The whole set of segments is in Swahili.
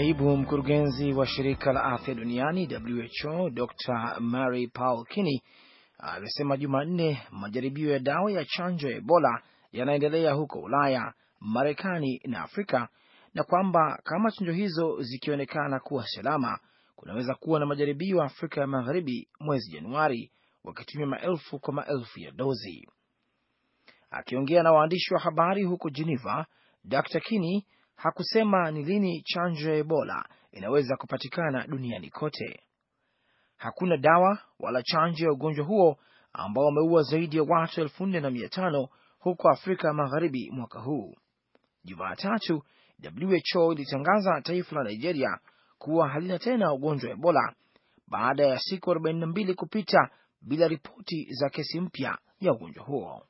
Naibu mkurugenzi wa shirika la afya duniani WHO, Dr Mary Paul Kinney amesema Jumanne majaribio ya dawa ya chanjo ya Ebola yanaendelea huko Ulaya, Marekani na Afrika, na kwamba kama chanjo hizo zikionekana kuwa salama, kunaweza kuwa na majaribio Afrika ya Magharibi mwezi Januari, wakitumia maelfu kwa maelfu ya dozi. Akiongea na waandishi wa habari huko Geneva, Dr Kinney hakusema ni lini chanjo ya Ebola inaweza kupatikana duniani kote. Hakuna dawa wala chanjo ya ugonjwa huo ambao wameua zaidi ya watu elfu nne na mia tano huko Afrika Magharibi mwaka huu. Jumatatu, WHO ilitangaza taifa la Nigeria kuwa halina tena ugonjwa wa Ebola baada ya siku 42 kupita bila ripoti za kesi mpya ya ugonjwa huo.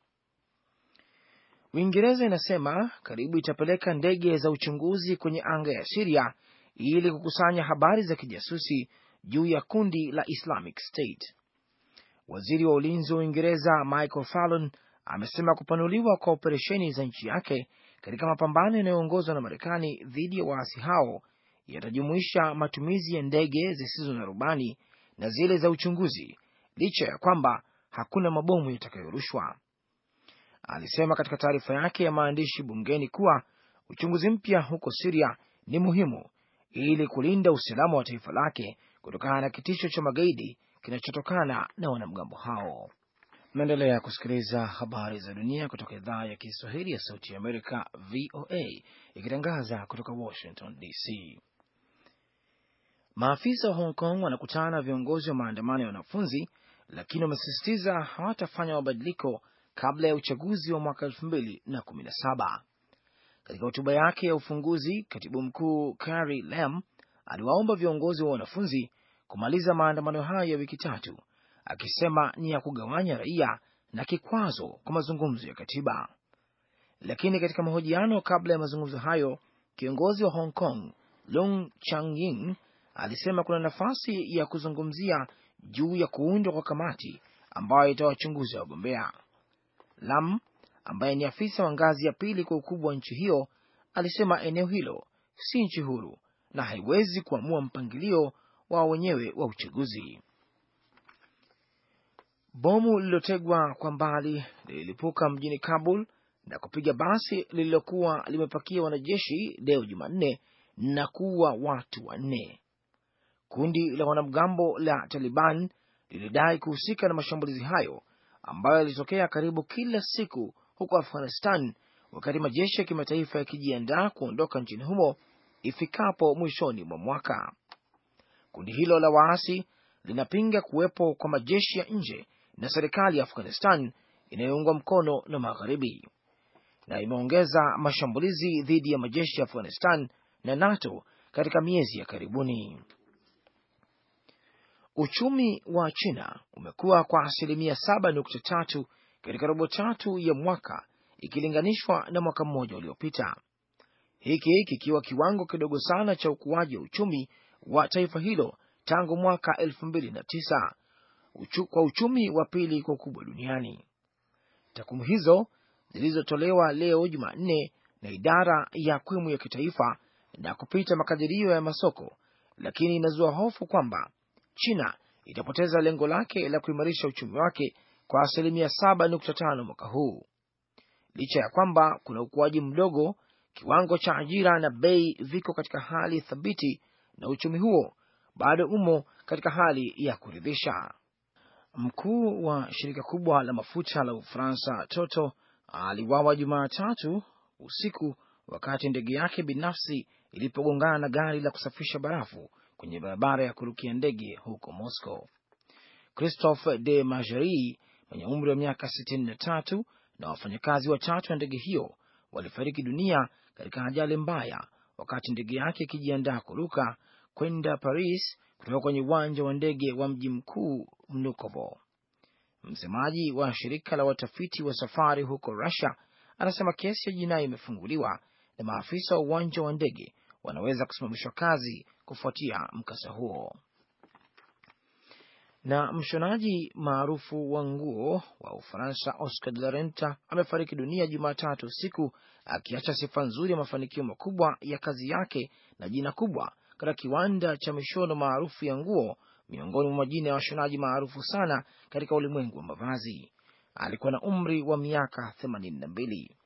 Uingereza inasema karibu itapeleka ndege za uchunguzi kwenye anga ya Siria ili kukusanya habari za kijasusi juu ya kundi la Islamic State. Waziri wa ulinzi wa Uingereza Michael Fallon amesema kupanuliwa kwa operesheni za nchi yake katika mapambano yanayoongozwa na Marekani dhidi ya waasi hao yatajumuisha matumizi ya ndege zisizo na rubani na zile za uchunguzi, licha ya kwamba hakuna mabomu yatakayorushwa alisema katika taarifa yake ya maandishi bungeni kuwa uchunguzi mpya huko Siria ni muhimu ili kulinda usalama wa taifa lake kutokana na kitisho cha magaidi kinachotokana na wanamgambo hao. Naendelea kusikiliza habari za dunia kutoka idhaa ya Kiswahili ya Sauti ya Amerika, VOA, ikitangaza kutoka Washington DC. Maafisa wa Hong Kong wanakutana na viongozi wa maandamano ya wanafunzi, lakini wamesisitiza hawatafanya mabadiliko kabla ya uchaguzi wa mwaka elfu mbili na kumi na saba. Katika hotuba yake ya ufunguzi, katibu mkuu Carrie Lam aliwaomba viongozi wa wanafunzi kumaliza maandamano hayo ya wiki tatu, akisema ni ya kugawanya raia na kikwazo kwa mazungumzo ya katiba. Lakini katika mahojiano kabla ya mazungumzo hayo, kiongozi wa Hong Kong Lung Changying alisema kuna nafasi ya kuzungumzia juu ya kuundwa kwa kamati ambayo itawachunguza wagombea. Lam ambaye ni afisa wa ngazi ya pili kwa ukubwa wa nchi hiyo alisema eneo hilo si nchi huru na haiwezi kuamua mpangilio wa wenyewe wa uchaguzi. Bomu lililotegwa kwa mbali lililipuka mjini Kabul na kupiga basi lililokuwa limepakia wanajeshi leo Jumanne na kuua watu wanne. Kundi la wanamgambo la Taliban lilidai kuhusika na mashambulizi hayo ambayo ilitokea karibu kila siku huko Afghanistan wakati majeshi ya kimataifa yakijiandaa kuondoka nchini humo ifikapo mwishoni mwa mwaka. Kundi hilo la waasi linapinga kuwepo kwa majeshi ya nje na serikali ya Afghanistan inayoungwa mkono na Magharibi, na imeongeza mashambulizi dhidi ya majeshi ya Afghanistan na NATO katika miezi ya karibuni. Uchumi wa China umekuwa kwa asilimia 7.3 katika robo tatu ya mwaka ikilinganishwa na mwaka mmoja uliopita, hiki kikiwa kiwango kidogo sana cha ukuaji wa uchumi wa taifa hilo tangu mwaka 2009 uchu, kwa uchumi wa pili kwa ukubwa duniani. Takwimu hizo zilizotolewa leo Jumanne na idara ya kwimu ya kitaifa na kupita makadirio ya masoko, lakini inazua hofu kwamba China itapoteza lengo lake la kuimarisha uchumi wake kwa asilimia 7.5 mwaka huu. Licha ya kwamba kuna ukuaji mdogo, kiwango cha ajira na bei viko katika hali thabiti, na uchumi huo bado umo katika hali ya kuridhisha. Mkuu wa shirika kubwa la mafuta la Ufaransa toto aliwawa Jumatatu usiku wakati ndege yake binafsi ilipogongana na gari la kusafisha barafu kwenye barabara ya kurukia ndege huko Moscow. Christophe de Majeri mwenye umri wa miaka 63 na wafanyakazi watatu wa ndege hiyo walifariki dunia katika ajali mbaya wakati ndege yake ikijiandaa kuruka kwenda Paris kutoka kwenye uwanja wa ndege wa mji mkuu mnukovo Msemaji wa shirika la watafiti wa safari huko Russia anasema kesi ya jinai imefunguliwa na maafisa wa uwanja wa ndege wanaweza kusimamishwa kazi kufuatia mkasa huo. Na mshonaji maarufu wa nguo wa Ufaransa Oscar de la Renta amefariki dunia Jumatatu usiku akiacha sifa nzuri ya mafanikio makubwa ya kazi yake na jina kubwa katika kiwanda cha mishono maarufu ya nguo, miongoni mwa majina ya washonaji maarufu sana katika ulimwengu wa mavazi. Alikuwa na umri wa miaka themanini na mbili.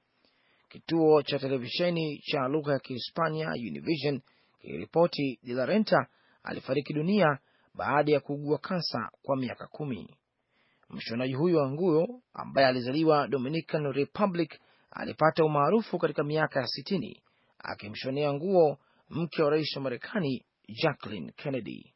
Kituo cha televisheni cha lugha ya Kihispania Univision kiliripoti De la Renta alifariki dunia baada ya kuugua kansa kwa miaka kumi. Mshonaji huyo wa nguo ambaye alizaliwa Dominican Republic alipata umaarufu katika miaka ya sitini akimshonea nguo mke wa rais wa Marekani Jacqueline Kennedy.